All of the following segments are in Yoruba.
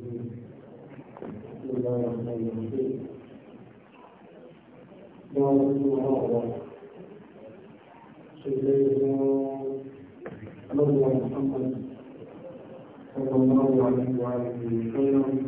محمد صلى الله عليه وآله وسلم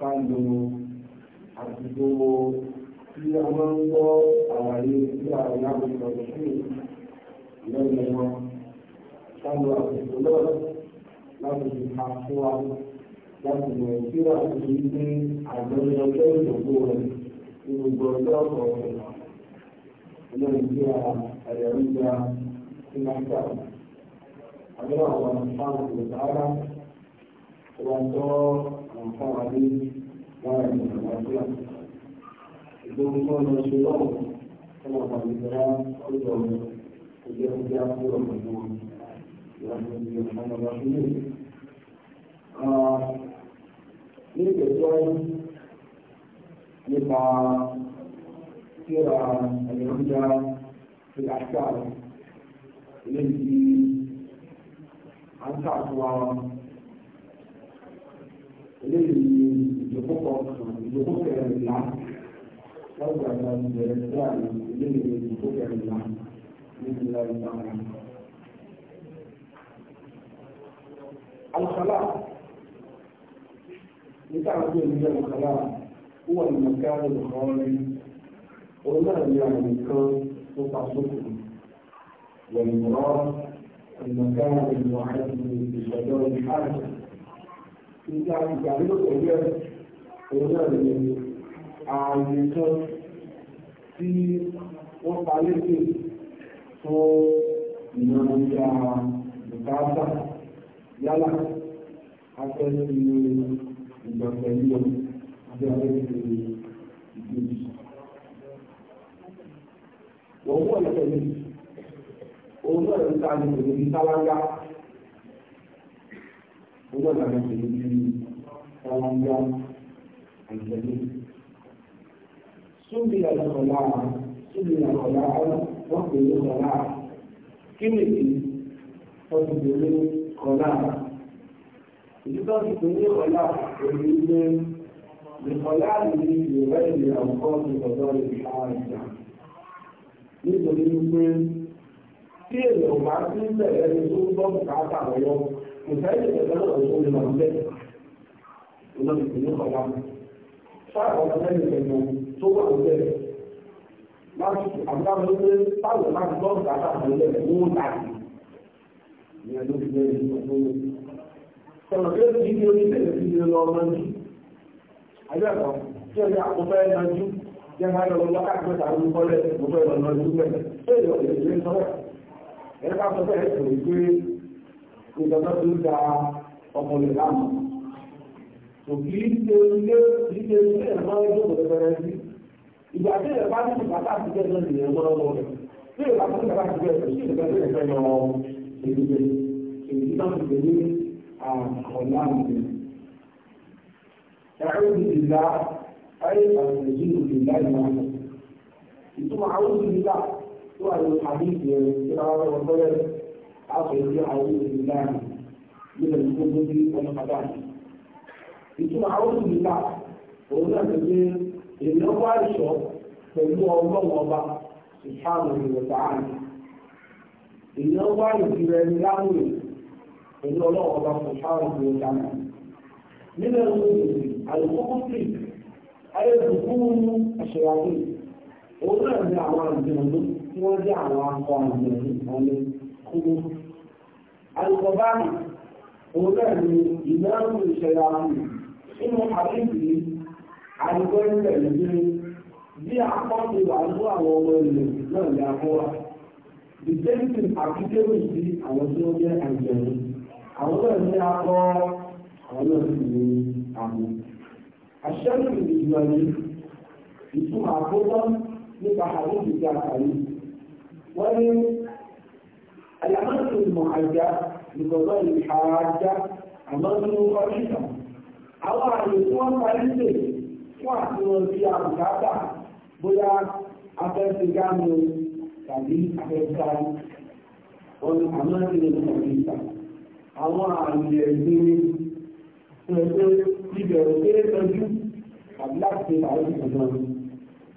ká àtìgbò tí a máa ń gbọ́ àlàyé tí a rí àwùjọ sí lẹ́nu wọn ká àtìgbò náà láti fi ka fún wa láti mọ̀ tí a ti rí ní àjọyọ̀ ọjọ́ ìdòkó rẹ̀ ní gbogbo ọjọ́ ọ̀sọ̀ọ̀sẹ̀ ilé ìgbé ẹ̀rọ ìgbà tí wọ́n gbà. Àbúrò àwọn àǹfààní kò sáárá, wọ́n tọ́ àǹfààní lára ìgbà àlàáfíà ìgbóhùn tó lọ ṣe lọ́wọ́ tó wà pàdé ìjọba tó lọ rẹ kò jẹ́ kó jẹ́ kó lọ pẹ̀lú ìlànà ìjọba ọmọ ọba sílẹ̀. ní ìgbésọ́ nípa síra ẹ̀yọ́njà ti àṣà ilé ìdí àǹtà tó wà wọn. eléyìí ìjókòó kan ìjókòó kẹrìnlá lọ́gbà ìlà ìbẹ̀rẹ̀ sí àná eléyìí ìjókòó kẹrìnlá níbi ìlà ìbára. Alùpàlà nígbà tó ń jẹ́ alùpàlà ó wà nínú káàdì ìkọ́rin òun náà ní àwọn nǹkan tó ta sókè wọ̀nyí mọ́ ẹ̀nà káàdì ìwà àti ìṣẹ̀dọ̀ ìhàjẹ́. nígbà ìgbà ló pẹ̀lú ẹ̀ òun tí wọ́n pa létè fún ìnáwó ìjà yálà afẹ́sí ìjọ pẹ̀lú ọ àti afẹ́sí ìgbèjì. Wọ́n wọ́n lọ́pẹ̀lú òun náà ń ta Gbogbo ìgbà mẹ́ta yìí ní ọlọ́njọ́ àìsẹ̀lẹ̀. Súnbí àlọ́kọ̀lá súnbí àlọ́kọ̀lá wọ́n pè é kọ̀lá. Kí ni ìdí ọdún ìdílé kọ̀lá? Ìdíbọ̀ ti pè é kọ̀lá òní ilé ìkọ̀lá ní ìwé ìrìn àwùkọ́ ti ọ̀dọ́ ìṣàwọn Nítorí wípé tí èrò bá sí bẹ̀rẹ̀ ni tó ń bọ́ bùkátà lọ́wọ́. لذلك كانوا الرسول المهمل ولم يكونوا طبعا صعب على ذلك انه سوى ذلك ما عمران يقول طول ما الضغط على صاحب الولاد مو متعدي يعني دول ذلك المفروض فما كانت تيجي يقول لي كده تيجي للنورماندي عجبها ترجع قطايا المنجوب زي ما قال والله احمد على المقالات قطايا المنجوب ايه اللي هو اللي صحيح يعني بعد صحيح ìjọba tó da ọkùnrin láàmú. Kò kí ṣe ilé ìṣe ilé ẹ̀rọ ẹgbẹ́ òkè bẹ̀rẹ̀ sí. Ìgbà tí ìrẹ̀pá ní bàtà ti bẹ̀rẹ̀ lọ́dún ìrẹ̀ mọ́ lọ́wọ́ rẹ̀. Tí ìrẹ̀pá ní bàtà ti bẹ̀rẹ̀ sí ìrẹ̀pá ní ìrẹ̀pá yọ èdè èdè náà ti bẹ̀rẹ̀ ní àkọ̀lá mi. Ẹ̀rọ ìdìlá ayé àtẹ̀jú ìdìlá ìlànà. Ìtumọ̀ àwọn ìdìlá tó wà ní àdéhùn ìrẹ̀ أخرج أعوذ بالله من الخبز والخبائث ìtumọ̀ àwòrán nípa òun náà ti gbé ènìyàn wá pẹ̀lú ọlọ́wọ́ ọba ìṣàmù ìwọ̀ta àná ènìyàn wá ìdíra ẹni láwùrè pẹ̀lú ọlọ́wọ́ ọba ìṣàmù ìwọ̀ta àná nínú ẹ̀rọ òun náà ní àwọn àjẹmọ́ tí wọ́n jẹ́ àwọn akọ àjẹmọ́ ọ̀lẹ́ kúrò alùpàbáàmì òun náà ni ìnáwó ìṣẹ̀lẹ̀ àmì nínú àbíbí àdúgbò ìṣẹ̀lẹ̀ ní bí àkọ́sí wàásù àwọn ọmọ ìlú náà ní àkọ́wà. The same thing àkíkérò sí àwọn tí ó jẹ́ àjẹ̀mú. Àwọn náà ní akọ́ àwọn náà sì ní àmì. Àṣẹ́lú ìdìbò ni ìtumọ̀ àkótọ́ nípa àwọn ìdíje àkàrí. Wọ́n الأمانة المحجة لقضاء الحاجة أمانة خالصة àwọn àyè tí wọ́n parí lè fún àfihàn sí àbùkátà bóyá afẹ́sẹ̀gánu tàbí afẹ́sẹ̀gánu wọn àmọ́ sí ìpàdésà àwọn àmì ẹ̀gbẹ́ fún ẹgbẹ́ ìbẹ̀rù kéré tọ́jú tàbí láti ṣe àwọn ìpàdé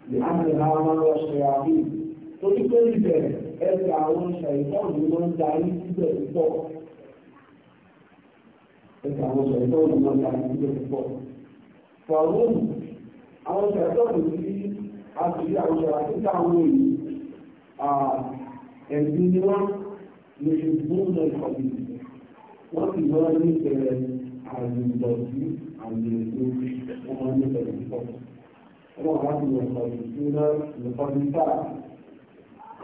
lè á lè ra wọn lọ ṣe àbí torí pé ìbẹ̀rẹ̀ ẹgbẹ́ àwọn ṣàìtọ́nù ló ń darí síbẹ̀ púpọ̀. ẹgbẹ́ àwọn ṣàìtọ́nù ló ń darí síbẹ̀ púpọ̀. fọ̀rọ̀mù àwọn ṣàìtọ́nù tí a sì rí àwọn ṣàìtọ́nù àwọn èyí ẹ̀sìn ni wọ́n lè fi gbóná ìkọ̀bí wọ́n sì wọ́n ní ìṣẹ̀lẹ̀ àyùndọ̀tí àyùndọ̀ wọn ní ìṣẹ̀lẹ̀ púpọ̀. wọ́n wá sí ìṣẹ̀lẹ̀ ìṣúná ìṣẹ̀lẹ̀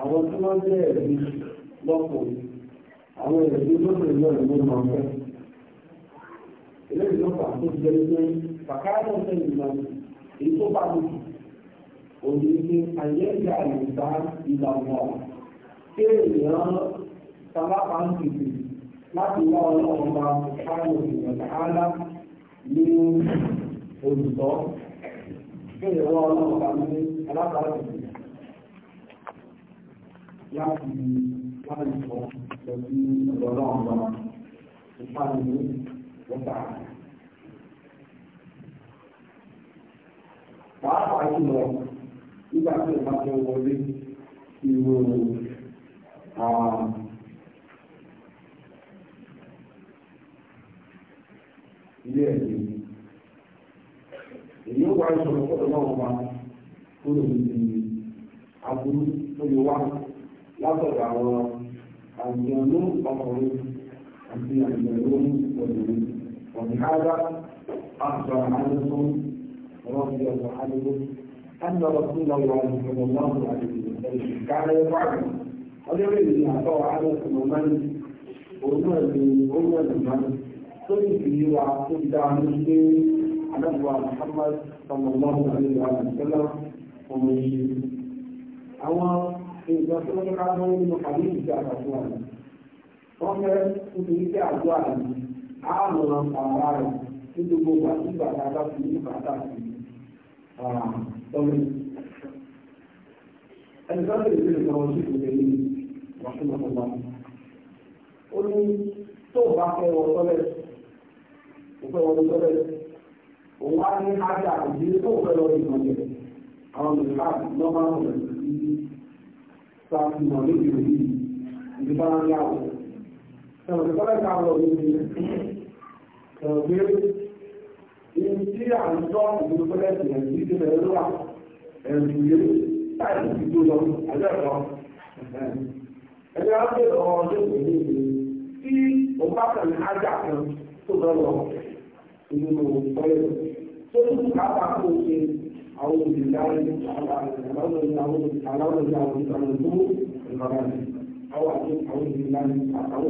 àwọn tí wọ́n jẹ́ ẹ̀rí lọ́kùnrin àwọn ẹ̀rí lọ́kùnrin náà ló máa fẹ́. eléyìí lọ́kọ̀ àti ìjẹ́ pé bàkárà náà sẹ́yìn náà èyí tó bá mi òní ni àyẹ̀dá ìgbà ìlànà kéèyàn sábàbà ń tètè láti wá ọlọ́run máa káàlù ìrìnàjò ní olùtọ́ kéèyàn wá ọlọ́run ní alábàárẹ̀ láti láti sọ lọ sí ọ̀dọ̀ ọ̀gbà ìpàdé wọ́tà. Pàápàá jùlọ nígbà tí ó bá fẹ́ wọlé ìwò ilé ẹ̀jẹ̀. Èyí ó wá ìṣòro fọ́dọ̀ náà wá kúrò ní aburú tó lè wá látọ̀dọ̀ àwọn àjọ̀lú ọkùnrin àti àjọ̀lú obìnrin ọ̀dìhádá àṣọ àdúgbò رضي الله عنه أن رسول الله صلى الله عليه وسلم كان يفعل ọjọ́ méjì ni àtọ́ àárẹ̀ ọmọ mẹ́rin òun náà ni òun náà ni mẹ́rin tó ní ìfìyí wa tó ti ní pé adágbà Muhammad sallallahu alaihi wa sallam ọmọ yìí àwọn ìjọ tí ní ká mọ́ nínú àbí ìjọ àtàkùn àná. Wọ́n fẹ́ nítorí pé àjọ àná àmọ̀ àrà rẹ̀ ní gbogbo ìgbà tí bàtà bá fi ní bàtà sí Ẹni tó ń bèèrè sí ìjọba oṣù tó lè ní wàhálà Ó ní tó bá fẹ́ wọ tọ́lẹ̀, kò fẹ́ wọ òun á ní ájà ìdílé tó fẹ́ lọ ìmọ̀lẹ̀. Àwọn mìíràn lọ́ máa ń láti mọ̀ lóde òní ìdí bá ń yàwó. Ẹ̀rọ ìfẹ́ lẹ́ka lọ ní ilé. Ẹ̀rọ pé ibi tí à ń tọ́ ìdúró fẹ́lẹ́ sí ẹ̀sìn ìdílé ló wà ẹ̀rù yé láì sí tó lọ àjọ ẹ̀kọ́. Ẹgbẹ́ á gbé ọ̀rọ̀ ọdún òní ìlú tí òun bá tẹ̀lé ájà kan tó lọ lọ nínú ọ̀rẹ́ tó ń kà á bá kó o ṣe أعوذ بالله من أعوذ بالله من أعوذ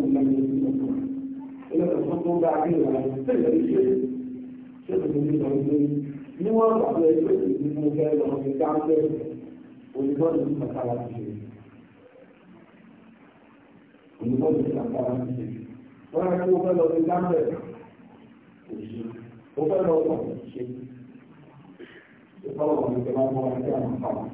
بالله إلى الخطوة بعدها تقدر الشيء شيء من الدولين نوع على من المجال والمتعدد ولبرد المسألة الشيء ولبرد المسألة الشيء وأنا أقول لو بالله وبلغ الشيء ìfọwọ́ ọ̀gbìn tó máa ń bọ́ wọn àti àwọn ọ̀sán tí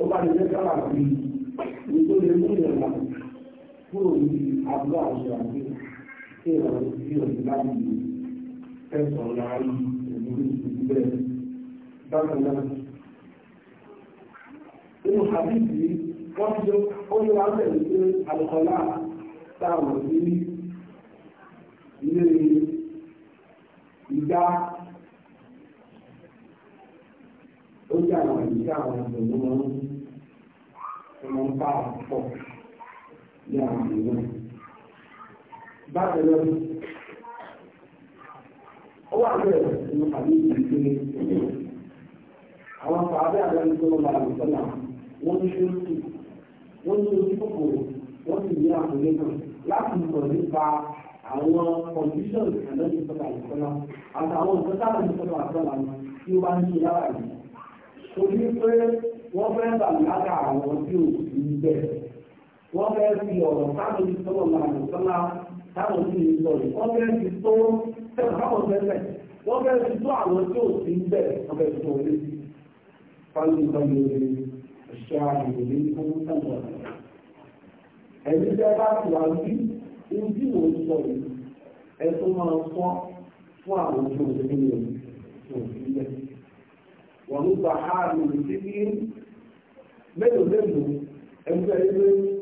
ó bá lè jẹ́ sábà bíi nítorí mú ìrìnàmọ̀ kúrò ní abúlé àṣọ àti kí ẹ̀rọ tí ò láti tẹ̀sán láàárín ìlú ìlú bẹ́ẹ̀. Bákan náà, nínú àbíbí wọ́n jẹ́ ó ní wá bẹ̀rẹ̀ pé àlùkọ́lá táwọn sí ilé ìgbà ó jẹ́ àwọn ìṣẹ́ àwọn ọ̀dọ́ wọn ń pa àpọ̀ yàmùlẹ̀ àwọn fàábẹ́ àgbáyé tó lọ́la wọ́n ní ṣéńtì wọ́n ní ojú kòkòrò wọ́n sì ní àkùnlé kan láti mọ̀ nípa àwọn condition àlọ́jù sọ́kà àtàwọn nǹkan táwọn ní tí ó bá ń ṣe lára yìí. torí pé wọ́n fẹ́ bàbá àwọn tí ò sí bẹ́ẹ̀ wọ́n fẹ́ fi ọ̀rọ̀ táwọn ti sọ̀rọ̀ làwọn sọ́lá táwọn ti lè sọ̀rọ̀ wọ́n fẹ́ fi tó sẹ́wọ̀n táwọn fẹ́fẹ́ wọ́n fẹ́ fi tó àwọn tí ò sí ń bẹ̀ wọ́n fẹ́ tó lé sí. fáwọn ìbọn yóò lè ṣe ní fún sẹ́wọ̀n. ẹ̀mí bẹ́ẹ̀ bá ti wà ní ojú wo sọ yìí ẹ tó máa sọ fún àwọn tí ò sí ń bẹ̀ tó sí bẹ̀. ìdílé mélòó mélòó ẹgbẹ́ ẹgbẹ́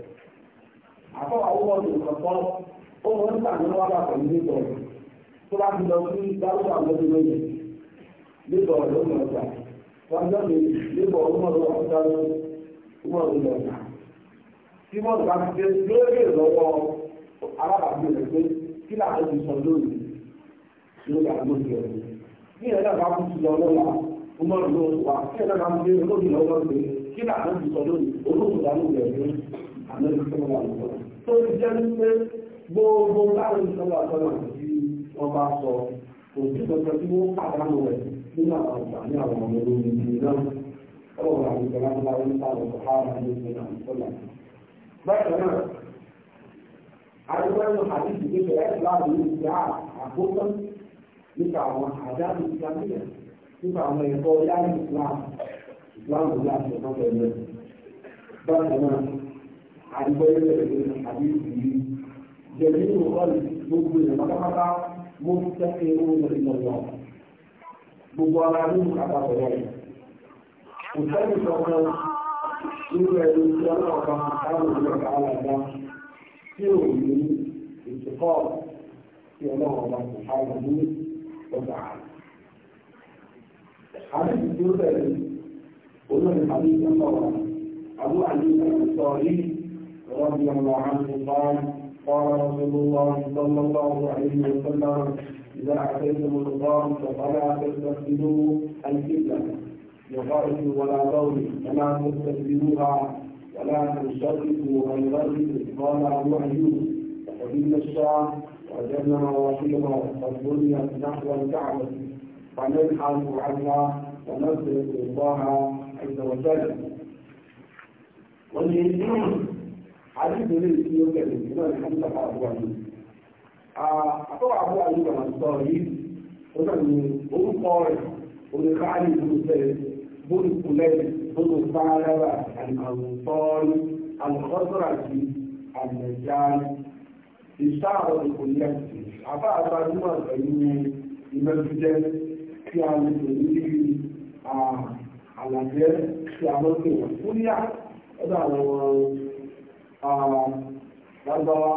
àfọwọ́ àwòrán ọdún kọ̀ọ̀kan ó wọ́n tà ní wàhálà pẹ̀lú nípa ọ̀rọ̀ tó bá ti lọ sí dárúkọ àwọn ọdún nípa ọ̀rọ̀ ló mọ̀ ọ̀tà mi nípa ọ̀rọ̀ ọ̀rọ̀ ọ̀tà ló mọ̀ ọ̀rọ̀ tí wọ́n bá ti dé lórí lọ́wọ́ alábàágbé rẹ̀ pé kí làwọn ti sọ lórí lórí àgbò rẹ̀ ní ẹ̀rọ bá kú sí lọ lọ́la ọmọ ìlú wa kí ẹ̀rọ bá ti sọ lórí olóòtú àlejò tó wà lọ tó jẹ́ pé gbogbo láàrin ìṣọ́lá àtọ́nà tí wọ́n bá sọ kò sí kankan tí wọ́n pàdánù rẹ̀ nínú àwọn àǹfààní àwọn ọmọ olóyìn ìlú náà ọ̀rọ̀ àwọn ìṣọ́lá ńlá ń sáré sọ̀hárà ní ìṣọ́lá ìṣọ́lá. bákan náà àdúgbò ẹnu àdìsí tó ṣẹlẹ̀ láàrin ìlú ti à àkókò nípa àwọn àdáàbò ìsàmìlẹ nípa àwọn ẹ̀kọ́ yáàrin ìsìláàmù ìsìláàmù láti ọ̀pọ̀ pẹ̀lú bákan náà àgbẹ̀rẹ̀ àbíyèsí yìí jẹ̀bi ní ọ̀rọ̀ gbogbo rẹ̀ pátápátá mo fi tẹ́kẹ̀ ohun ìlọ lọ gbogbo ara ní àpapọ̀ rẹ̀ kò sẹ́ni kankan nínú ẹni tí ọlọ́ọ̀kan káwọn ìlọ́ọ̀ka alága tí ò ní ìsìnkọ́ tí ọlọ́ọ̀kan رضي الله عنه قال قال رسول الله صلى الله عليه وسلم إذا أتيتم الغار فلا تستقبلوا القبلة بغائب ولا بول فلا تستقبلوها ولا تشركوا عن غيره قال أبو أيوب وحبيب الشام وجدنا مواقيها قد بنيت نحو الكعبة فنبحث عنها ونسأل الله عز وجل. hadisi ne shi yau gari ina da hadisa ka abuwa ne a akwai abuwa ne ga masu sauri wannan ne bun kore wani kari dutse bun kulai bun sarara al-ansari al-khazraji al-najani ìṣàrò ìkòlẹ́ àbá àtàdúmọ̀ pẹ̀lú ìmẹ́tújẹ́ tí a lè pè ní àlàjẹ́ tí a lọ́pẹ̀ wọ́n fúnlẹ̀ ọ̀dọ̀ àwọn lágbára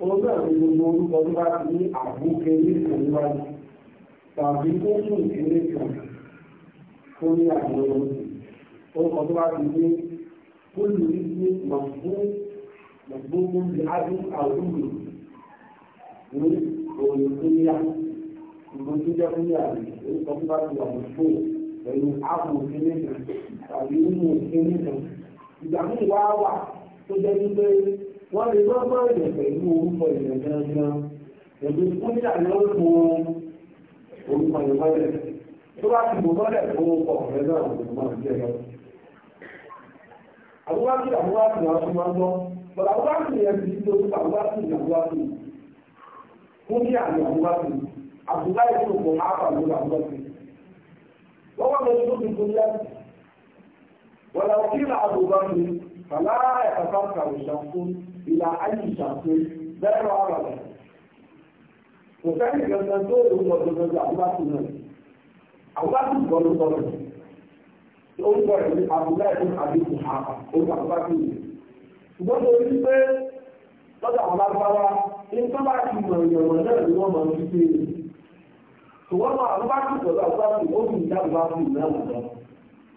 òun náà ní gbogbo orúkọ tó bá ti ní àbúkẹ ní ìtòníwájú tàbí tó sùn ìdílé kan tó ní àjọ orúkọ tó bá ti ní kúlù ní mọ̀gbógún bí adú àwùjọ ní òun kúnyà ìgbò tó jẹ́ kúnyà ní orúkọ tó bá ti wà ní fò pẹ̀lú àbò ìdílé kan tàbí nínú ìdílé kan ìgbà tó jẹ́ wípé wọ́n lè wọ́n bá ẹ̀jẹ̀ pẹ̀lú orúkọ ìrìn gangan ẹ̀bí fún ìyá lọ́wọ́ fún orúkọ ìwọ́lẹ̀ tó bá ti bò mọ́lẹ̀ fún ọkọ̀ rẹ̀ náà kò mọ̀ jẹ́ lọ. àbúwákì àbúwákì náà ń gbọ́ wọ́n lọ sí ó ti kó فلا يتفكر الشخص إلى أي شخص غير عربي وكان يتنزل ويتنزل أوقات النبي أوقات الضرورة orúkọ rẹ̀ ní abdullahi fún abibu hapa orúkọ abdullahi yìí ṣùgbọ́n tó rí pé lọ́dọ̀ àwọn agbára ní tó ti mọ̀ ìyẹ̀wò náà ni wọ́n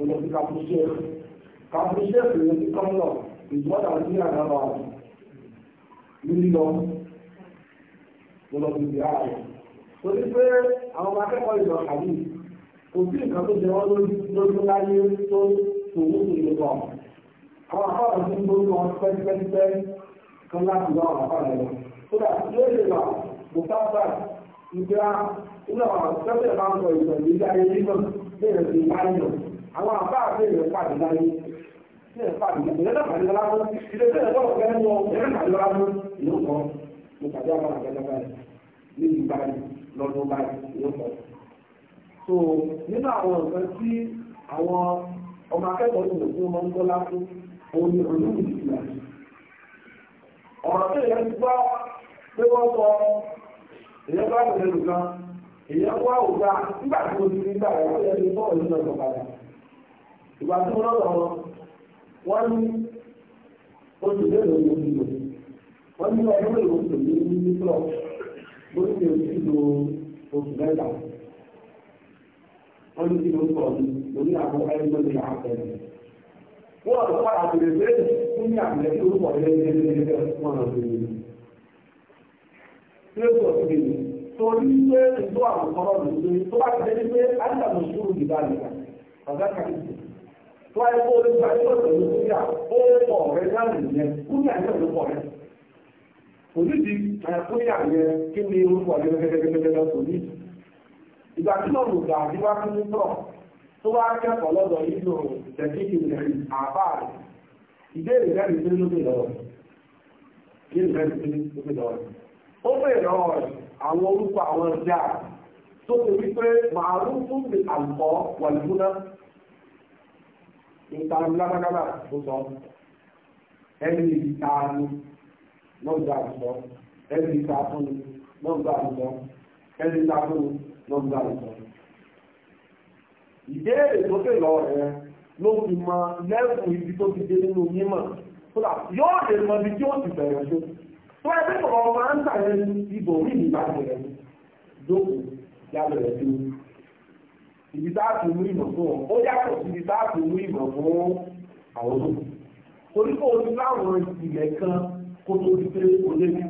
mo lọ sí capuchet capuchet kò yẹ sí kọ́ńtọ̀ ìjọ́dá sí àdábà lílọ mo lọ sí ìdíyà rẹ̀ torí pé àwọn ọmọ akẹ́kọ̀ọ́ ìlọ kàdí kò sí nǹkan tó jẹ wọ́n lójú láyé tó tòun tó lè lọ àwọn afáàlọ́ tó ń gbóyún wọn pẹ́ẹ́pẹ́ẹ́pẹ́ kan láti wá àwọn afáàlọ́ lọ kódà yóò lè wà bùkátà ìgbà nígbà tẹ́tẹ̀ máa ń sọ ìgbà ìgbà ayé nígbà bẹ́ẹ̀ sì máa ń yàn àwọn àbá àti pàdé láyé ilé pàdé lọ́wọ́ ilé tẹ́ ilé pàdé lọ́wọ́ àwọn àgbẹ̀dẹ àwọn nǹkan tí àwọn ọmọ pé wọ́n sọ èyẹ bá lè lè lù kan èyẹ wá ògbà nígbà ti rí gbà rẹ̀ ó yẹ padà ìgbà tí mo lọ́dọ̀ wọ́n ní oṣù mélòó ni oṣù lò wọ́n ní ọdún mélòó oṣù ní ní lọ bó ti oṣù lo oṣù mẹ́ta wọ́n ní kí ló sọ ní oní àwọn ẹgbẹ́ ní àpẹẹrẹ wọ́n ọ̀dọ́ padà bèrè bèrè fún ní àpẹẹrẹ tí orúkọ rẹ̀ ń gbé ní ẹgbẹ́ wọn lọ sí i. Tí ó sọ sí i, torí pé ìtọ́ àwọn ọmọ rẹ̀ ń gbé tó bá ti dé ní pé á ń dàgbà sùúrù ìbálẹ̀ ọ̀gá kàkìtì tó ayé kó olùkọ́ ayé kó pẹ̀lú kúnyà ó pọ̀ rẹ láàyè yẹn kúnyà yẹn ló pọ̀ rẹ. Òdìdí kúnyà yẹn kí ni orúkọ yẹn gẹ́gẹ́gẹ́gẹ́gẹ́ kò ní. Ìgbà tí wọ́n lùgbà tí wá fún mi tọ̀ tó wá kẹ́kọ̀ọ́ lọ́dọ̀ nínú tẹ̀síkì rẹ̀ àbá rẹ̀. Ìbéèrè rẹ̀ nìkan ló bèèrè lọ́wọ́. Ìbéèrè rẹ̀ nìkan ló bèèrè lọ́wọ́. Ó bèèrè lọ́wọ́ àwọn orúkọ àwọn ọjà tó fi wípé màálù fún mi àlùkò wà lùkúná ìtaàmù lábákábà ó sọ ẹni ìtaàmù lọ́gbà àlùsọ ẹni ìtaàfúnni lọ́gbà àlùsọ ẹni ìtaàfúnni lọ́gbà àlùsọ. ìbéèrè tó fè lọ rẹ ló fi mọ lẹ́kùn ibi tó ti dé nínú mímọ̀ kódà yóò lè mọ ibi tí ó ti bẹ̀rẹ̀ tó tó ẹgbẹ́ kọ̀ọ̀kan máa ń tà ẹni ibò orí ìgbà bẹ̀rẹ̀ dókòó yálẹ̀ rẹ̀ tó ibi tá a ti mú ìmọ̀ fún ọ ó yàtọ̀ sí ibi tá a ti mú ìmọ̀ fún àwọn olóògùn torí kò ní láwọn ìpìlẹ̀ kan kó tó ti pé kò lè ní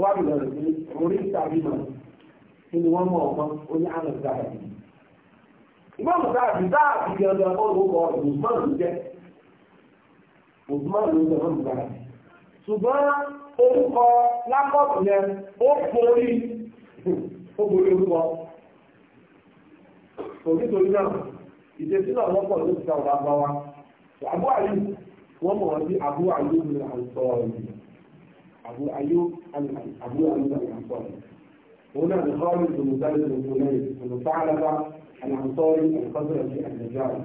wà bìlọ̀ rẹ̀ pé orí ìtàbí mọ̀ kí ni wọ́n mọ̀ ọ̀kan ó ní àrùn dáàbì ìmọ̀mù dáàbì dáàbì gangan olùkọ́ Usman ló jẹ́ Usman ló jẹ́ mọ̀mù dáàbì ṣùgbọ́n orúkọ lápọ̀tù yẹn ó borí ó borí orúkọ òbí torí náà ìdẹ́sí náà wọ́n pọ̀ ló ti ta ọ̀gá wa àbú àyù wọ́n mọ̀ sí àbú àyù ní àǹtọ̀ yìí àbú àyù àbú àyù ní àǹtọ̀ yìí òun náà nìkan ní ìdòmùsálẹ̀ ìdòmùsálẹ̀ ìdòmùsálẹ̀ àǹtọ̀ yìí àǹtọ̀ yìí àǹtọ̀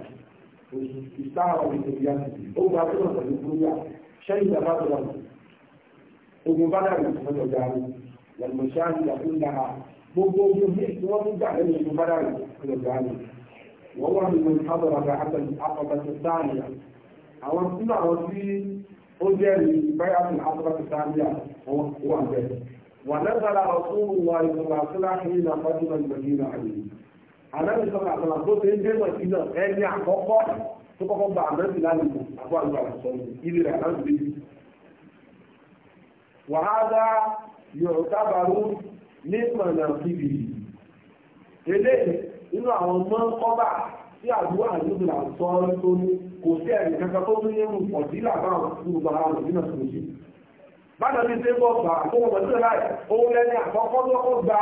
استعرض بالدنيا هو بعدين في الدنيا شيء بدر ومن بدر المتفجر للمشاهد كلها gbogbo ogun bí tí wọ́n mú jáde ní ìlú bára rẹ̀ gánà wọ́n wà nínú ìfádọ́ra rẹ̀ àpapàtà sáàmìyà àwọn sínú àwọn tí ó jẹ́ ní báyàtì àpapàtà sáàmìyà wọ́n wà bẹ́ẹ̀ wà lẹ́sàrà ọ̀tún wà ìfọ̀lá síláàkì ní àpájúmọ̀ ìgbàgbìnà àyè àlẹ́bí sọ̀rọ̀ àtàlà tó ṣe ń dé mọ̀ sí ẹni àkọ́kọ́ tó kọ́kọ́ gba àmẹ́sì lálùkù àbọ̀ nípọ̀nà fìdí ilé inú àwọn ọmọ kọ́bà tí àdúrà àdúgbò àtọ́ tó ní kò sí ẹ̀rì kankan tó tún nínú ọ̀dílà bá gbogbo ara rẹ̀ nínú ọ̀sán òjì bájọ́ ní ṣe bọ́ gbà tó wọ́n tó láì òun lẹ́ni àkọ́kọ́ tó kọ́ gba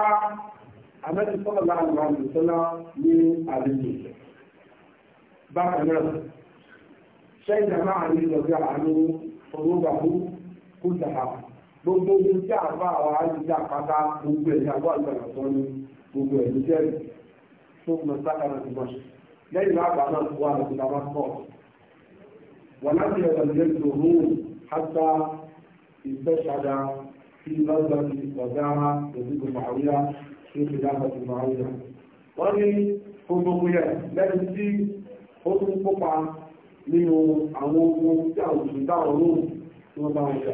àmẹ́tí sọ́lọ̀ láàrin àwọn ìṣẹ́lá ní àlejò bákan náà ṣẹ́yìn àmà àlejò ọ̀gá àánú ọ̀rọ̀ gbàgbó kó dàgbà gbogbo ohun tí àbá àwọn àjùjá pátá gbogbo ẹ̀yà wà lọ́nà tó ní gbogbo ẹ̀yìn jẹ́ tó mọ sákàrà ti mọ̀ṣẹ̀ lẹ́yìn láàbà náà tó wà lọ́sí làwọn pọ̀ wọ́n láti ẹ̀rọ ilé tó mú hátà ìfẹ́ṣadà tí lọ́gbà ti ọ̀gá òdìgbò màáríà tó fi láàbà ti màáríà wọ́n ní gbogbo yẹn lẹ́yìn tí ó tún kópa nínú àwọn ogun tí àwọn òṣèlú táwọn olóòtú tí wọ́n bá wọn jà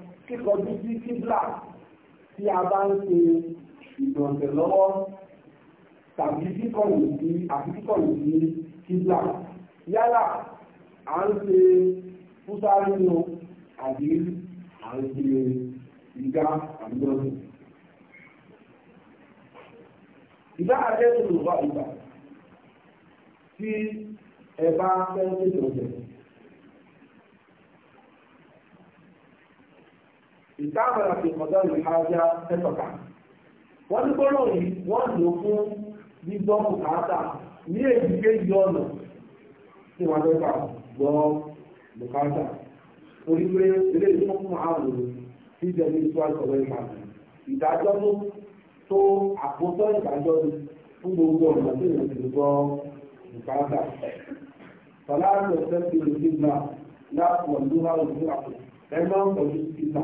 kíkọjú sí kíblà tí a bá ń ṣe ìgbọ̀nsẹ̀ lọ́wọ́ tàbí kíkọ̀lù sí àti kíkọ̀lù sí kíblà yálà à ń ṣe fúsárì nù àbí à ń ṣe ìgá àbíọ́nù. ìdá àjẹsùn ló bá ìgbà tí ẹ bá fẹ́ ṣèjọsẹ̀ ìtàwọn àti ìkọ̀dọ́ ìhájá ẹ̀tọ̀ka. Wọ́n ní gbọ́nà yìí wọ́n lò fún gbígbọ́ bùkátà ní èyí kéjì ọ̀nà tí wọ́n fẹ́ fà gbọ́ bùkátà. Orí pé ilé ìfún fún àwòrán tí ìjẹ̀lú ìfún àkọ́wé ìpàdé. Ìdájọ́ tó tó àkótọ́ ìdájọ́ fún gbogbo ọ̀nà tí ìrìn àti gbọ́ bùkátà. Fọlá àti ọ̀sẹ̀ ti rìn sí ìgbà láàpọ̀ ìlú àwọn ìlú àpò. Ẹ máa ń pọ̀jù sí ìgbà.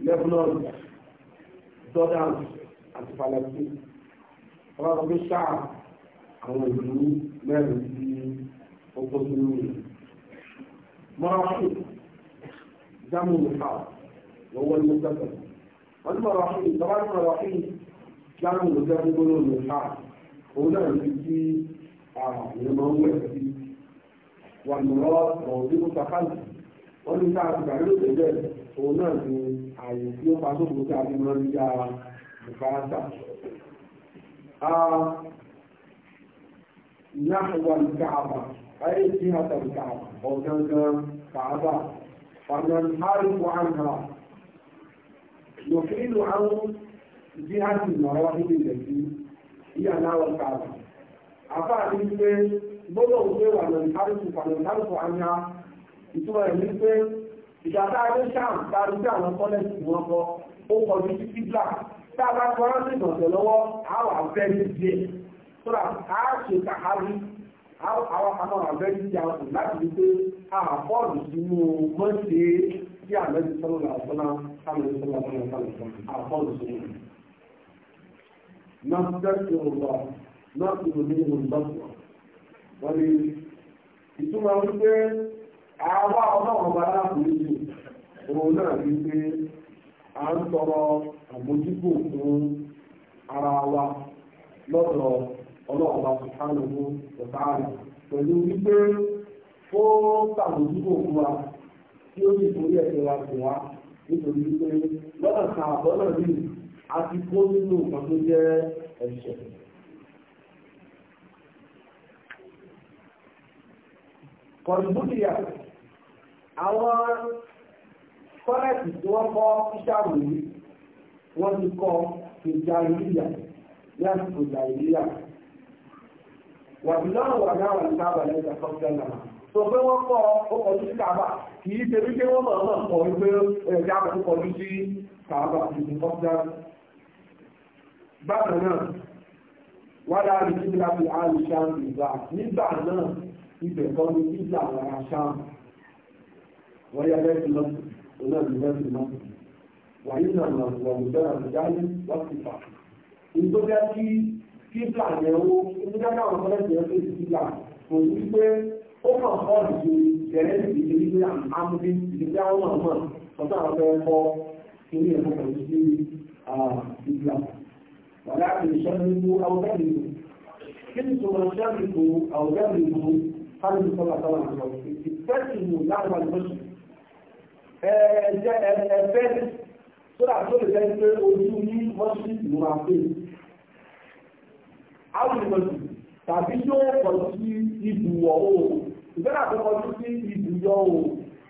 Lebanon Jordan àti Palestine ọba sọ pé ṣáà àwọn ìlú mẹ́rin tí ó kó sínú rẹ̀ mọ́ráṣì jámù nìka ní sẹ́sẹ̀ wọ́n ní mọ́ráṣì ìjọba ní mọ́ráṣì òun náà ni àyè tí ó pasókò tí a ti mọ́ ní ya bùkátà. Náhùwà ní Káàbà, ayé tí a tàbí Káàbà, ọ̀gangan Káàbà, ọ̀nà àríwá àǹhà. Yòfin ìlú àwọn bí a ti nọ̀rọ̀ nílé ilẹ̀ sí ìyá náà wọ Káàbà. Àbá ní pé gbọ́dọ̀ wípé wà lọ́nà ní pé ìjàmbá ayé sáàm tàbí àwọn kọ́lẹ́sì wọn kọ ó kọjú sí fíblà tá a bá kọ́ ọ́n sì gbọ̀nsẹ̀ lọ́wọ́ àwọn àbẹ́rẹ́ díẹ̀ sọ́ra a ṣe kàhárí àwọn àbẹ́rẹ́ díẹ̀ àwọn láti rí pé àbọ́ọ̀lù sínú mọ́ṣe tí àbẹ́rẹ́ sọ́nà làásánà sáàmì sọ́nà sọ́nà sọ́nà àbọ́ọ̀lù sínú. nọ́ọ̀sì ọ̀rọ̀ nọ́ọ̀sì ọ̀rọ̀ ní ìtumọ̀ wípé àwa ọlọ́run bá láàbùrú jù òun náà ní pé à ń tọrọ àmójútó fún ara wa lọ́dọ̀ ọlọ́run bá subhanahu pẹ̀lú wípé ó tàbójútó fún wa tí ó sì torí ẹ̀ṣẹ̀ wa wá nítorí wípé lọ́nà kan àbọ́nà a ti kó nínú nǹkan tó àwọn kọ́lẹ̀tì tí wọ́n kọ́ ìṣàròyìn wọ́n ti kọ́ ìjà ìlúyà ìjà ìlúyà wà lẹ́yìn náà sọ pé wọ́n kọ́ ọkọ̀ sí kàbà kì í ṣe wípé wọ́n mọ̀ sí kàbà bákan wà àrùn nígbà náà ibẹ̀ kọ́ ní ìjà àwọn وهي غاية المنطق هناك غاية المنطق وإنما هو مجرد جعل واقتفاء إن تبقى في في بلان يوم إن كان كان فلان يوم في بلان ويقول ó kàn kọ́ ìlú ìrẹ́ ìdíje ní àmúdé ìdíje àwọn ọmọ ọ̀tọ́ àwọn ọmọ ẹ̀kọ́ ilé ẹ̀kọ́ pẹ̀lú sí ìgbà wà láti ìṣẹ́lẹ̀ nínú àwùjáde ìlú kí ni tòun ṣẹ́lẹ̀ ìlú àwùjáde ìlú fáwọn ìṣọ́lá sọ́lá àjọ ìfẹ́sì ìlú láwọn àjọ ẹ̀ẹ́dẹ́ sódà tó lè fẹ́ pé ojú ní mọ́sí ìlú máa pè áwùjọ́sì tàbí yóò kọ̀ sí ibùwọ̀ o ìgbẹ́nà tó kọjú sí ibùyọ o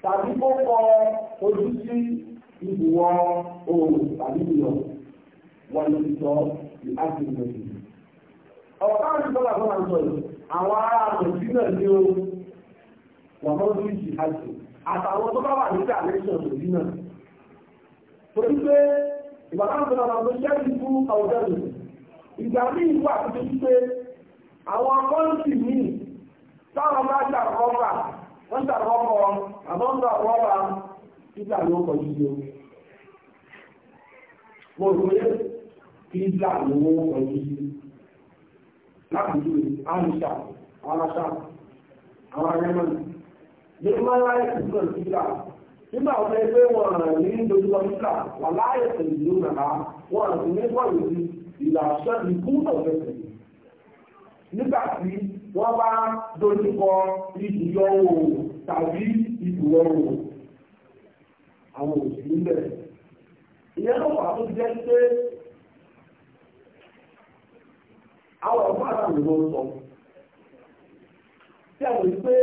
tàbí kó kọ ojú sí ibùwọ̀ o tàbí yọ wọ́n lè sọ ìhásí ìgbẹ̀sì. ọ̀pá òṣìṣẹ́ làbọ́n àjọ àwọn ará àjọ sílẹ̀ ní o wọ́n mọ́ sí ìhásí àtàwọn tó bá wà ní kàlẹ́sọ̀ lórí náà torí pé ìbátanàtò náà ló jẹ́ ìlú ọ̀dẹ́lù ìgbà ní ìlú àtúntò wípé àwọn kọ́ńtì míì táwọn bá ṣàkọ́bà wọ́n ṣàkọ́bọ̀ àmọ́ ń ṣàkọ́bà títà ló kọjú sí o mo rò pé títà ló kọjú sí láti ju àmì ṣà àwọn aṣà àwọn arẹ́mọ̀nì ní wọ́n bá dojúkọ ibùyọ oòrùn tàbí ibùwọ̀ oòrùn àwọn òṣèlú bẹ̀rẹ̀ ìyẹn ló wà jẹ́ pé àwọn ọ̀pá àtàwọn ló sọ tí a wòye pé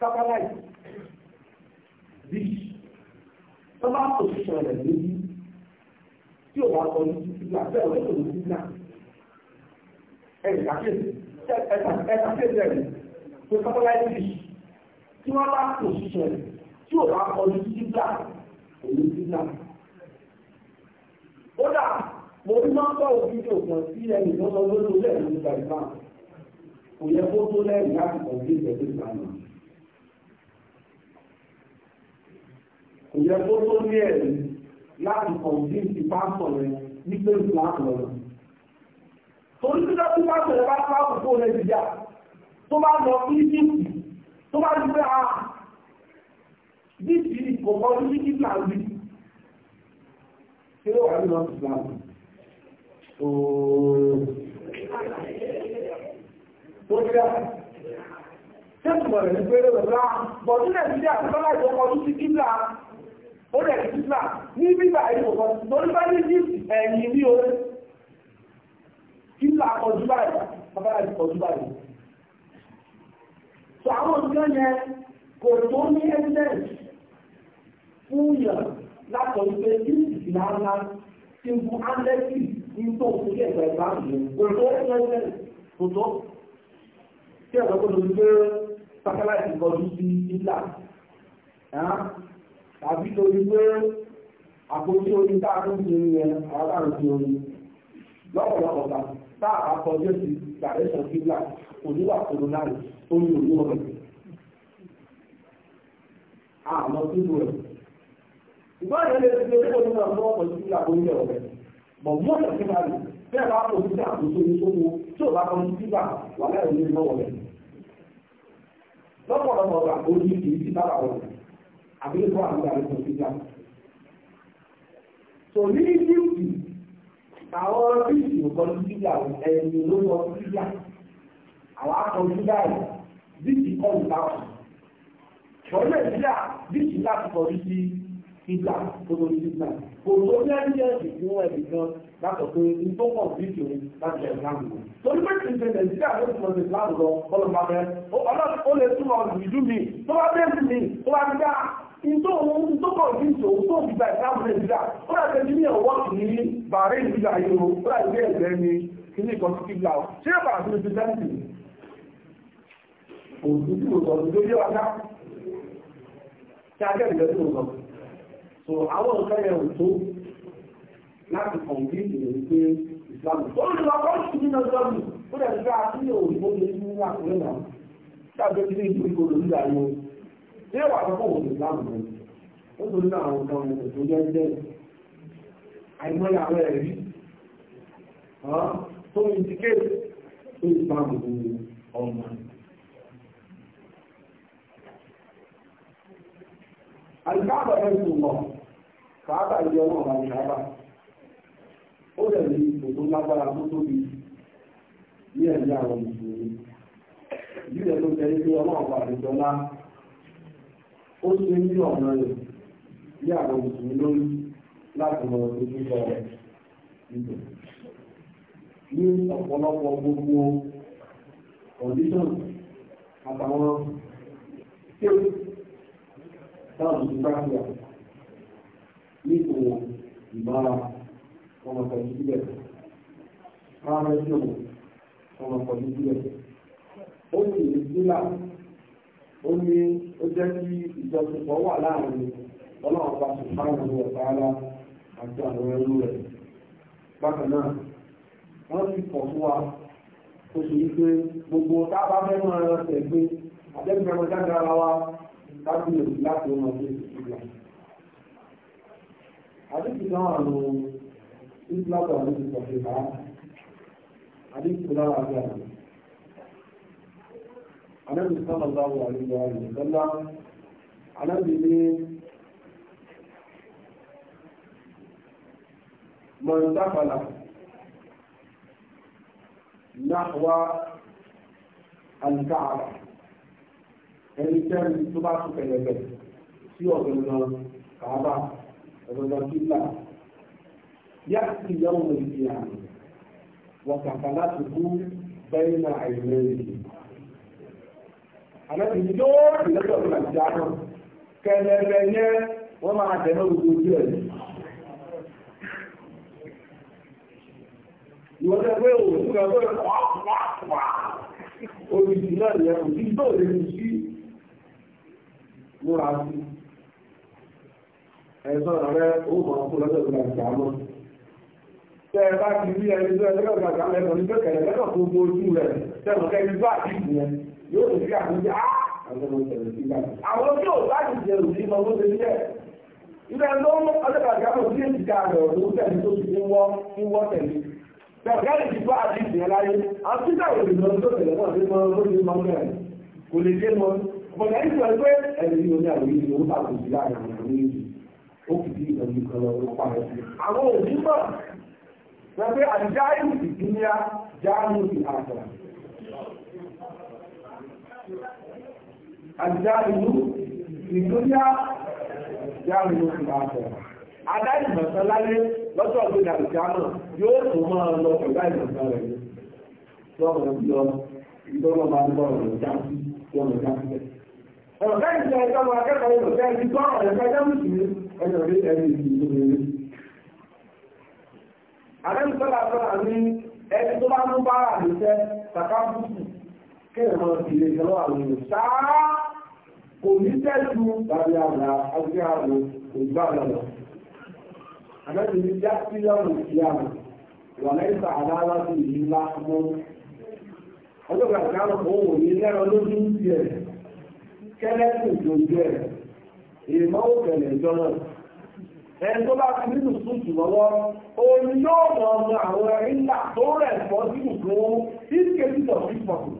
satellite dish tó bá pòṣíṣàn rẹ̀ lórí tí ò bá kọ ní títí àbẹ́ òwe kò ní títí náà ẹ̀rì kàkéèsì rẹ̀ tó satellite dish tí wọ́n bá pòṣíṣàn rẹ̀ tí ò bá kọ ní títí náà kò ní títí náà. kódà mo rí máa ń bá òfin òkan sí ẹnì kan lọ lórí olóòlù ìgbà ìgbà kò yẹ kó tó lẹ́yìn láti kọ̀ọ̀dé ìgbẹ̀dẹ̀ ìgbà náà. yẹ kó tó ní ẹ̀rí láti kọ̀ǹdín ti pásọ̀ rẹ̀ nígbà tí wọ́n rẹ̀. torí tí wọ́n pásọ̀ rẹ̀ bá tó àkókò rẹ̀ ti jà tó bá lọ sí ìdíkì tó bá ti fẹ́ a bíbí kọ̀ọ̀kan sí ìdíkì náà rí ṣé wà nínú ọ̀sùn náà ooo tó ti dá ṣé tùmọ̀ rẹ̀ ní pé rẹ̀ ah, rẹ̀ bọ́ọ̀dún nàìjíríà tó bá láì ó rẹ̀ ìsìlá ní bíbà ìwòkọ́ lórí bá ní Egypt ẹ̀yìn ní orí ìlà ọdún báyìí bàbá láti ọdún báyìí so àwọn òṣìṣẹ́ yẹn kò tó ní evidence fún yàn látọ̀ ìpè ní ìsìlá ńlá tí ń bu andẹ́sì ní tó ń fi ẹ̀gbẹ́ ìgbà yìí kò tó ní evidence kò tó kí tàbí torí pé àpótí orí tá a tún ti rí àwọn orí lọ́pọ̀lọpọ̀ tá a sí direction kibla oníwà kolonari orí òní ọ̀rẹ́ àmọ́ síbò rẹ̀ ìgbọ́n yẹn lè fi owó nínú ọ̀pọ̀ ọ̀pọ̀ sí kibla orí ọ̀rẹ́ bọ̀ mú ọ̀sẹ̀ kí máa rí bẹ́ẹ̀ bá kọ̀ sí àkóso ní sówó tí ò bá kọ́ sí kibla wà láì ní ìlú ọ̀rẹ́ lọ́pọ̀lọpọ̀ ọ̀gá orí kì sí bábà àbílẹ̀kọ́ àgbà rẹ̀ kọ̀síjà. So ní Egypt, àwọn ríṣì nǹkan kọ̀síjà ẹni ló lọ kọ̀síjà. Àwọn akọ̀síjà rẹ̀ bíṣì kọ́ ìta kù. Ṣọ́lá ìjà bíṣì láti kọrí sí ìgbà tó lórí ìgbà. Kò tó ní ẹgbẹ́ ìfún ẹ̀dì kan látọ̀ pé ní tó pọ̀ bíṣì òun láti ẹ̀rọ náà lò. Torí pé kìí ṣe Nàìjíríà ló ti mọ̀ sí láàrúkọ bọ́lọ̀ máa bẹ́ẹ̀. Ọlọ́run ó lè túmọ̀ ìdú mi tó bá bẹ́ẹ̀ sí mi tó bá ti dá ìtò òun tó kọ̀ sí ìtò tó gbígbà ìsáàmù nàìjíríà ó rà tẹ́jú ní ọwọ́ ní bàárẹ̀ ìgbìyà yóò ó rà ilé ẹ̀gbẹ́ ní ilé ìkan sí kíbla ọ̀ ṣé bà tó ti sẹ́ǹtì òtún tí òtọ̀ tó yé wa ká tí a kẹ́rìndẹ́ ndị lọ so àwọn yẹn ò tó láti kàn bí pé ìsìlámù tó ń lọ kọ́ sí nínú ó dẹ̀ ní ẹwà àkọ́kọ́ òun ní láàmù rẹ̀ ó tó nínú àwọn ọ̀gá ọmọ tó jẹ́ jẹ́ àìmọ́lá àwọn ẹ̀rí tó ń ti kéèkì tó ń bá mú ọmọ àìkáàbà ẹ̀ tó lọ kàábà ilé ọmọ ọ̀gá ní kàábà ó rẹ̀ ní ipò lágbára tó tóbi ní ẹ̀rí àwọn ìṣòro ìdílé tó tẹ̀lé pé ọmọ ọ̀gá àdìjọ́lá ó ṣe ní ọ̀nà rẹ̀ bí àwọn mùsùlùmí lórí láti mọ ojúbọ ibẹ̀. ní ọ̀pọ̀lọpọ̀ gbogbo condition àtàwọn kéwì táwọn mùsùlùmí bá fi àwọn nípò ìbára ọmọ pẹ̀lú sílẹ̀ káwọn ẹgbẹ́ ọmọ pẹ̀lú sílẹ̀ ó sì ní sílẹ̀ ó ní ó jẹ́ kí ìjọsìnpọ̀ wà láàrin ọlọ́run bá fáwọn ọmọ ọ̀tá àti àwọn ẹrú rẹ̀ bákan náà wọ́n ti pọ̀ fún wa tó ṣe wípé gbogbo tábà fẹ́ mọ́ ẹran tẹ̀ gbé àtẹ́gbẹ̀rẹ̀ ọjà dára wa láti lè láti ọmọ ọdún ìgbà àdéhùn náà àrùn ìgbà tó àdéhùn ìgbà tó bá àdéhùn tó lára àgbà anábì sallallahu alaihi wa sallam anábì ní mọ̀ntàfàlà náà alikaaba ẹni tẹ́rin tó bá tún pẹ̀lẹ́pẹ̀ sí ọ̀gbẹ̀nà kàába ọ̀gbẹ̀nà kíkà yá sí ìyàwó ìdí wọ́n kàkà láti kú bẹ́ẹ̀ náà àìlẹ́yìn àlẹ́bí yóò rí lọ́jọ́ ìgbà tí a lọ yẹ wọ́n máa tẹ̀lé gbogbo ojú ẹ̀ ìwọ́n tẹ́ pé òun fún ẹgbẹ́ wàá olùsí náà yẹ kò sí tó lè fi sí múra sí ẹ̀sọ́ rẹ̀ ó mọ̀ fún lọ́jọ́ ìgbà tí a tẹ́ ẹ bá ti rí ẹni tó ẹgbẹ́ ìgbà tí a ní pé kẹlẹ́lẹ́ náà gbogbo ojú rẹ̀ tẹ́ yóò lè fi àwọn a ah! àwọn ọmọ ìṣẹ̀lẹ̀ jẹ òsì mọ ní ẹ̀. rẹ̀ tó ti pé àjáàlú ìdúnyá jáàlú ìgbàgbọ́ adáìmọ̀sán láyé lọ́jọ́ ọ̀gbìn àbìjáàmù yóò tó máa lọ pẹ̀lú àìmọ̀sán rẹ̀ lọ́wọ́ lọ ìdọ́gbọ́n máa ń bọ̀rọ̀ lọ jáàmù lọ́wọ́ jáàmù ọ̀rọ̀ láì jẹ́ ẹjọ́ wọn akẹ́kọ̀ọ́ ìlú fẹ́ ti gbọ́ ọ̀rẹ́ fẹ́ jáàmù sí ẹjọ́ rí ẹni ìlú rere àdéhùn sọ́lá sọ́lá ní ẹni tó bá mú bára àdéhùn sẹ́ kàkà fúfù kéèyàn máa fi lè jẹ́ lọ́wọ́ àwọn ènìyàn sáà kò ní tẹ́lú tàbí àgbà àgbà àgbà ní já lọ́rùn sí àmì wà lẹ́yìn sàádá láti ìlú ńlá Ọjọ́ gbàgbé àwọn òun ò ní lẹ́rọ lójú ń tiẹ̀. Kẹ́lẹ́sì tó jẹ́ èèmọ́ ò kẹ̀lẹ̀ Ẹni tó bá nínú lọ́wọ́, òun yóò mọ̀ ọmọ àwọn ẹ̀rí ńlá tó rẹ̀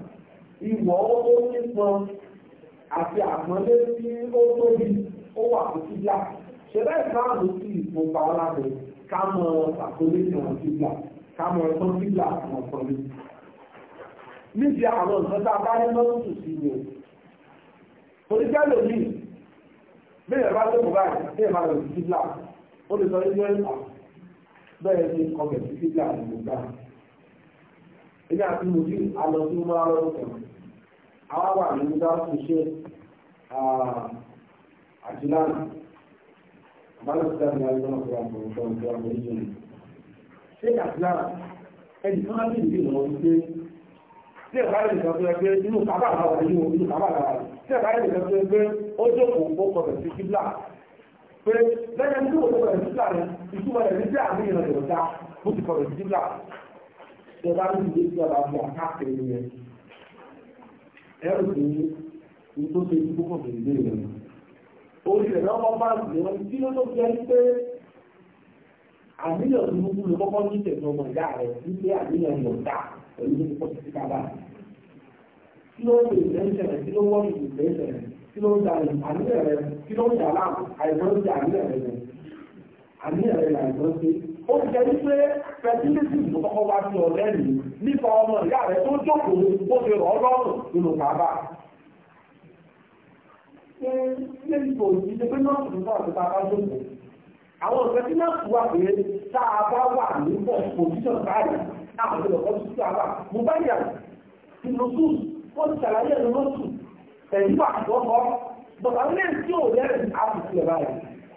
ìwọ̀ owó nípọn àti àpọ́nlé tí ó tóbi ó wà fún kíjà ṣẹlẹ̀ ìsáàmù sí ìfúnpa ọlábẹ ká mọ àkọlé ìwọn kíjà ká mọ ẹ̀tọ́ kíjà àwọn ọkọlé níbi àwọn nǹkan tá a bá ní lọ́sùn sí ni o torí jẹ́lò mi bẹ́ẹ̀ bá lóko báyìí bẹ́ẹ̀ máa lọ sí kíjà ó lè sọ ilé ẹ̀ka ah, bẹ́ẹ̀ ni kọ̀ọ̀kẹ́ sí kíjà àdìgbò ilé àti mojú alọ́ sí mọ́ra lọ́dún kan àwọn wà ní dáàbò ṣe àti lánà àbálẹ̀ sí dáàbò láti lọ́nà fún àwọn ọ̀rọ̀ ìjọ àwọn oríṣi rẹ̀ ṣé àti lánà ẹni tó máa ń bèèrè lọ wípé tí ẹ̀ka rẹ̀ nìkan tó yẹ pé inú kábà láwà ní o inú kábà láwà ní tí ẹ̀ka rẹ̀ nìkan tó yẹ pé ó jókòó ó kọ̀ọ̀bẹ̀ sí kíblà pé lẹ́yìn tí ó ìtumọ̀ rẹ̀ ní àmì ìrìnàjò dá ó ti kọ̀ọ̀bẹ̀ sí kíblà tí ẹ bá ní ìdí tí ọba fi àkáàkiri ni ẹ ẹrù sí ní tó ṣe ikú kò sí ìdí rẹ orí rẹ lọ́wọ́ bá ń lè wọ́n tí ló tó jẹ́ pé àníyàn tó gbogbo ló kọ́kọ́ ní ìṣẹ̀dùn ọmọ ìyá rẹ wípé àníyàn lọ dà pẹ̀lú tó ti pọ̀ sí kábà kí ló ń lè ìfẹ́ ìṣẹ̀lẹ̀ kí ló wọ́n ìfẹ́ ìṣẹ̀lẹ̀ kí ló ń da àníyàn rẹ kí ló ń da láàmú àìsàn ń da àníyàn rẹ àmì ẹ̀rẹ̀ làìsọ́ sí ó ti jẹ́ wípé fẹ́sílẹ́sì tó kọ́kọ́ wá sí ọ̀rẹ́ mi nípa ọmọ ìyá rẹ̀ tó jókòó ó ti rọ̀ ọlọ́run nínú bàbá ṣe ń kò pé nọ́ọ̀sì ń bọ̀ àti bàbá jókòó àwọn ọ̀sẹ̀ tí nọ́ọ̀sì wà pé tá a bá wà ní bọ̀ pòsíṣọ̀n báyìí náà ti lọ́kọ́ sí sí àbá mo bá yà sí lóṣù ó ti ṣàlàyé ẹ̀rọ lóṣù ẹ̀yí wà lọ́kọ́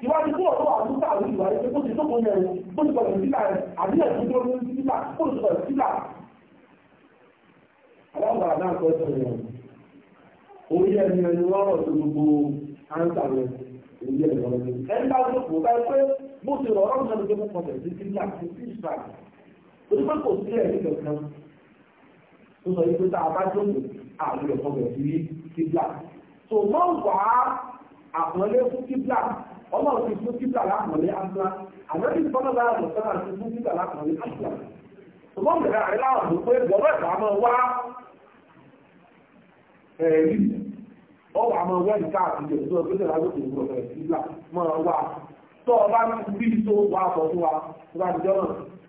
ìwádìí tó ọ̀tọ́ àdúgbò àwọn ìwà rẹ̀ tó ti tó kọ́ yẹn bó ti gbọdọ̀ sílà rẹ̀ àbí ẹ̀sùn tó ní sílà bó ti gbọdọ̀ sílà. Àwọn bàbá náà kọ́ sọ̀rọ̀ yẹn. Orí ẹni ẹni wọ́n rọ̀ gbogbo áńsà rẹ̀. Orí ẹni wọ́n rọ̀ Ẹni bá tó kò báyìí pé bó ti rọ̀ ọ̀rọ̀ náà ló kọ́ sí sílà sí sílà. Torí pé kò sí ẹ̀rí kankan. Ó sọ yìí pé tá a bá jókòó àbúrò kọ́ bẹ̀ sí ọlọ́run ti fún títà láàmọ̀lé áṣílá àmọ́bí ìfọ́nàlá àmọ̀sánà ti fún títà láàmọ̀lé áṣílá ṣùgbọ́n bẹ̀rẹ̀ àrẹ láwọn tó pé gbọ́dọ̀ ẹ̀ka máa wá ẹ̀rí ọwọ́ àmọ́ wẹ́ẹ̀dì káàkiri tó ọdún tó lágbó tòun gbọ́dọ̀ ìfìlà máa wá tó ọba bí tó wà sọ fún wa tó bá jọ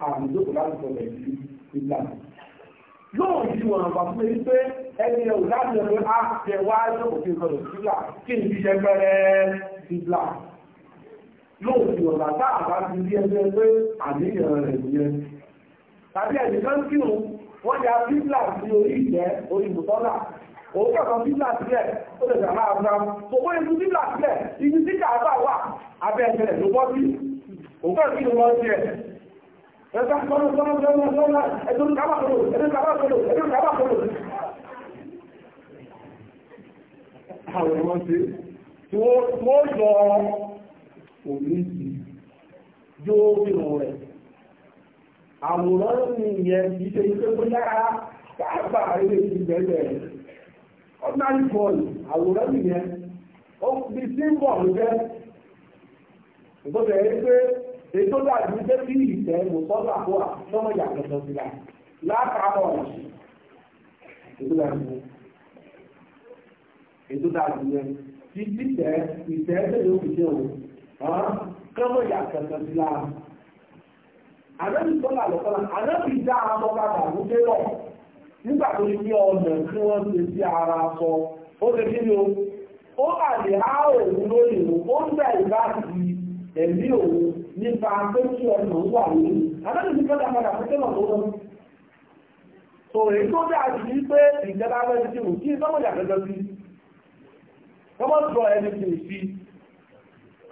àmì tó kò láti sọ yóò di wọn àgbà fún mi pé ẹni ẹ̀ ò láti ẹ̀ pé á ah, jẹ wá lókòtì ìfọ̀dọ̀ ìfìlà kí n fi ṣẹgbẹ́rẹ́ ìfìlà yóò fi ọ̀nà tá àbá ti rí ẹgbẹ́ pé àníyàn rẹ̀ nìyẹn tàbí ẹ̀dì kan kí òun wọ́n ya bíblà sí orí ìjẹ́ orí ìbùsọ́là òun kẹ̀kọ́ bíblà sílẹ̀ ó lè dàgbà àgbà tó wọ́n ibi sílẹ̀ ibi tí kàábà wà abẹ́ ẹ̀jẹ̀ ló bọ́ sí òun kẹ̀kọ́ kí ni wọ́n ẹ̀ ẹ̀ka kọ́nà kọ́nà kọ́nà kọ́nà ẹ̀dùn kábà kọ́nà ẹ̀dùn kábà kọ́nà ẹ̀dùn kábà kọ́nà àwọn ọmọ ti wọ́n lọ kò ní sí yóò rírun rẹ̀ àwòrán ní ìyẹn kì í ṣe iṣẹ́ tó yára pàápàá ilé ti bẹ̀rẹ̀ ordinary ball àwòrán nìyẹn ó fi symbol jẹ́ ìgbọ́dọ̀ yẹn pé ètò dàbí pé kí ìtẹ́ mùsọ́lá àbúrà lọ́mọ ìyàtọ̀ sọ sí la látàbọ̀ ètò dàbí ètò dàbí yẹn ti tẹ̀lé òkùnjẹ́ òun. kọ́mọ̀ yàtọ̀ sí lára àdébì sọ́nà àlọ́sọ́nà àdébì dá nígbà tó ní ọ̀nà tí wọ́n ṣe sí ara sọ. ó kí o ó bà lè há òun ó ń ẹ̀mí òun nípa pé kí wà tó tó ní pé ti kí sọ ẹni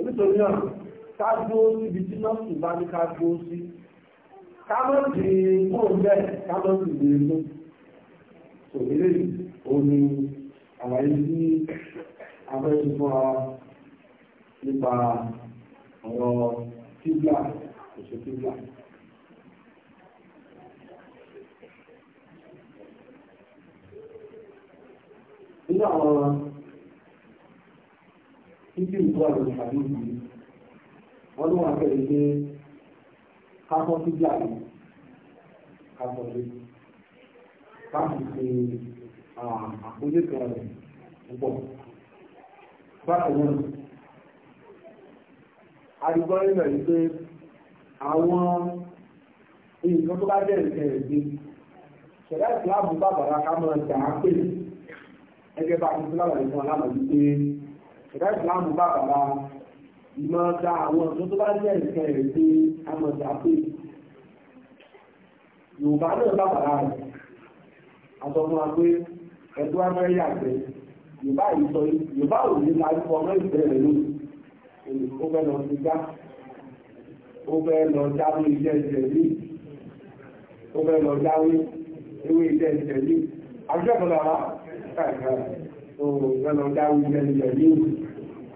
nítorí náà ká dúró síbi tí nọ́ọ̀sì bá ní ká dúró sí ká mọ́ sí kúrò bẹ́ẹ̀ ká mọ́ sí lè mú òmìnira omi àlàyé sí abẹ́sùn fún wa nípa ọ̀rọ̀ kíblà òṣè kíblà. nínú àwọn títí ìgbọ́ àwọn ìpàdé yìí wọ́n ló wà bẹ̀rẹ̀ pé kápọ́ tó jà ní kápọ́ lé láti ṣe àkójọpọ̀ rẹ̀ púpọ̀. Bákan náà, àdìgbọ́ nígbà yìí pé àwọn nǹkan tó bá jẹ́ nǹkan ẹ̀gbin ṣẹ̀dá ìsìláàmù bàbàrà ká máa jà á pè ẹgbẹ́ bá a ti fi lábàá nìkan aláàbò wípé ẹ̀dá ìsìláàmù bá bàbá ìmọ̀ ta àwọn ọ̀dọ́ tó bá jẹ́ ìfẹ́ rẹ̀ pé amọ̀jà pé Yorùbá náà bá bàbá rẹ̀ àtọ́mọ́ pé ẹ̀dọ́ amẹ́ríà pé Yorùbá yìí sọ Yorùbá ò ní máa fọ ọmọ ìfẹ́ rẹ̀ lónìí ó fẹ́ lọ sí já ó fẹ́ lọ jáwé iṣẹ́ ìṣẹ̀lẹ̀ ó fẹ́ lọ jáwé ewé iṣẹ́ ìṣẹ̀lẹ̀ àbújọ́ kan lára ó fẹ́ lọ jáwé iṣẹ́ ìṣẹ̀lẹ̀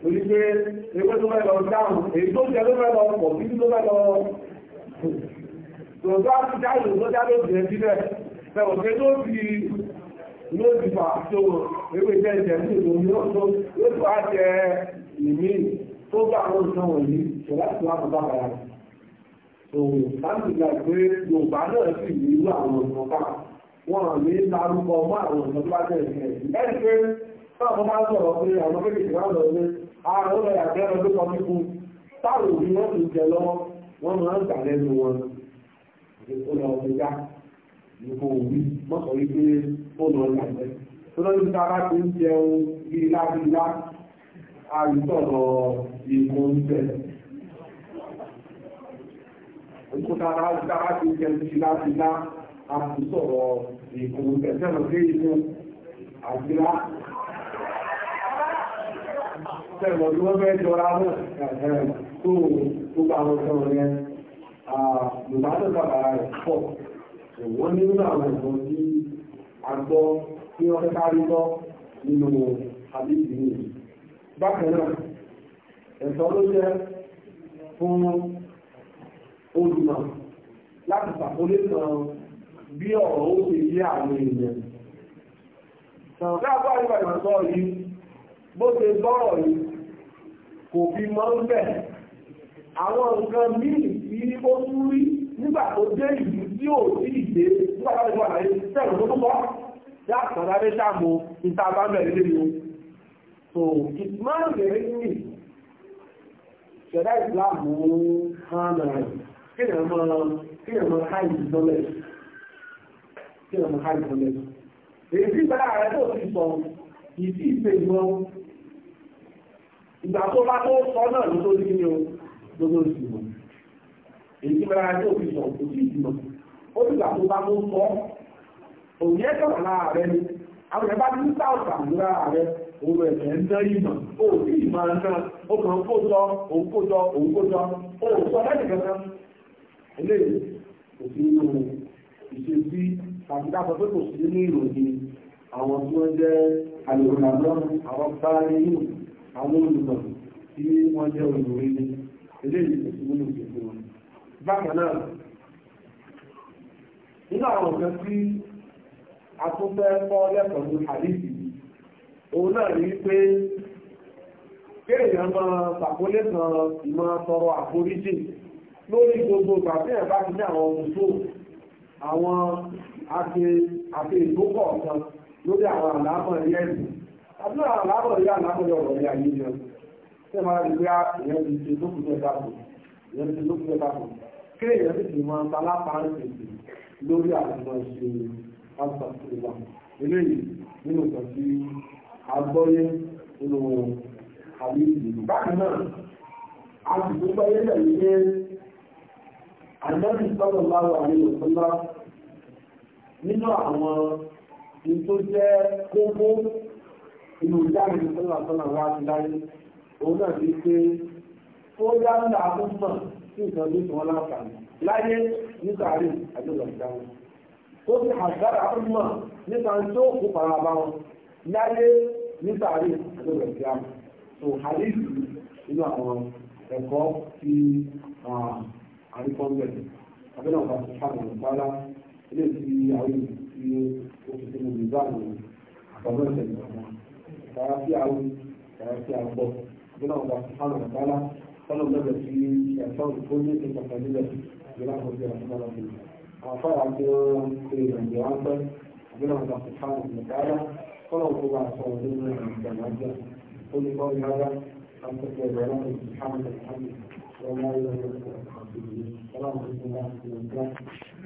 torí pé ewé tó mẹ́lọ dáhùn èyí tó jẹ́ ló mẹ́lọ pọ̀ bí tó mẹ́lọ tòótọ́ àti dáhùn tó já ló jẹ́ sílẹ̀ fẹ́wọ̀ pé ló fi ló fi tó ewé jẹ́ ìjẹ́ sí ìlú ní ọ̀tọ́ ló á jẹ ìmí tó bá àwọn nǹkan wọ̀nyí kò láti wá bàbá bàrà òun láti gbà pé Yorùbá náà sì ní irú àwọn nǹkan bá wọn àmì lárúkọ mọ́ àwọn nǹkan tó bá jẹ́ ìjẹ́ ẹni pé táwọn bá sọ̀rọ̀ pé àwọn kékeré wà lọ ara ó ló kọ́ fífún táwọn òbí wọn ti jẹ lọ́wọ́ wọ́n máa ń gbà lẹ́nu wọn ó lọ ọ̀gbìn já nǹkan mọ́sọ̀ wípé ó lọ làjẹ́ tó lọ́dún tí ara ti ń jẹun bíi lábílá àrùtọ̀rọ̀ ìmọ̀ oúnjẹ òkútara dára tẹ́lọ̀ bí wọ́n fẹ́ jọra náà tó gbogbo àwọn ọ̀sán rẹ̀ lùbátọ̀ bàbára rẹ̀ pọ̀ wọ́n ní nínú àwọn ìbọn tí a gbọ́ tí wọ́n fẹ́ kárí lọ nínú àbíkì ní bákan náà ẹ̀sọ́ ló jẹ́ fún olùmọ̀ láti sàkólé kan bí ọ̀rọ̀ ó ṣe yé àwọn èèyàn. Sọ̀rọ̀ káàkó bó ṣe gbọ́rọ̀ yìí kò fi mọ́ ń bẹ̀ àwọn nǹkan míì tí ó tún rí nígbà tó dé ìlú tí ò sí ìdè nígbà tó wà láyé sẹ́yìn tó tún bọ́ yàtọ̀ lábẹ́ sàmù ìta bá bẹ̀rẹ̀ lé mi so ìsmáà lè rí mi ṣẹ̀dá ìsìláàmù hàn náà kéèyàn mọ́ kéèyàn mọ́ háì ìdánlẹ̀ kéèyàn mọ́ háì ìdánlẹ̀ èyí sí ìgbàlá rẹ̀ tó ti sọ ìdí ìpè ìwọ̀n ìgbà tó bá tó sọ náà ló tó dín ní o lójó èyí mẹ́ra ní òfin sọ kò sí ìdìmọ̀ ó ti gbà tó bá tó sọ òun yẹ kọ̀ọ̀kan lára ni àwọn ẹ̀bá tí sáà sàmúra rẹ òun ẹ̀fẹ̀ ń dán ìmọ̀ ó sì ìmọ̀ náà ó kàn kó jọ òun kó jọ òun kó jọ ó sọ lẹ́yìn kankan eléyìí kò sí nínú ìṣesí tàbí ká pé kò sí nínú ìròyìn àwọn tí wọ́n jẹ́ àlòrán àwọn bá nínú àwọn olùmọ̀ tí wọ́n jẹ́ olùrí ní eléyìí kò sí nínú ìgbésí wọn. a tún fẹ́ kọ́ lẹ́kọ̀ọ́ ní àdéhìí, òun náà rí pé kéèyàn máa ṣàkólé kan ìmọ̀ tọrọ àforíjì lórí gbogbo ìgbà tí ẹ̀ bá ti ní àwọn ohun tó àwọn àti ìgbókọ̀ kan lórí àwọn àlámọ̀ ilé ẹ̀sìn àdúrà àlábọ̀ yá àlábọ̀ yọ ọ̀rọ̀ yá yé yẹn ṣé máa rí bóyá ìyẹn ti ṣe lókun mẹ́ta kù ìyẹn ti lókun mẹ́ta kù kí èèyàn sì ti máa ta lápárí tètè lórí àtúmọ̀ ṣe àtúntàkùnlá eléyìí nínú ìtàn tí agbọ́yé nínú àbí ìdìbò bákan náà a sì tún gbáyé lẹ́yìn pé àjọ́bí sọ́dọ̀ láwọ̀ àríwọ̀ sọ́lá nínú àwọn tó jẹ́ kókó inú ìjáde ní sọ́nà sọ́nà wá sí láyé òun náà ti pé ó yá ń là fún mọ̀ sí ìtàn ní ìtàn láǹfààní láyé nítorí àjọyọ̀ ìdáwọ̀ ó ti àgbára fún mọ̀ nípa tó kó fara bá wọn láyé nítorí àjọyọ̀ ìdáwọ̀ tó àlejò nínú àwọn ẹ̀kọ́ ti àríkọ́ńbẹ̀ abẹ́nà ọ̀gá tó sáà nà bàálà ilé ti àwọn ìlú tí ó ti tẹ́lẹ̀ nígbà wọn àbábọ̀ ìṣẹ̀lẹ̀ àwọn kàrà sí àwọn kàrà sí àgbọ̀ bí náà wà sùpánù àtàlà sọ́nà lọ́dọ̀ sí ẹ̀sọ́ ìfóyé tó kọ̀ọ̀kan níbẹ̀ bí náà wọ́n ti rà sí ọ̀rọ̀ nílẹ̀. àfa àti wọn ṣe ìrìnàjò ránpẹ́ bí náà wà sùpánù àtàlà sọ́nà tó bá sọ ọdún ní ìgbàlájà ó ní kọ́ ìhárá àtúntò ẹ̀rọ láti sùpánù àtàlà wọ́n máa ń lọ sí ọ̀rọ̀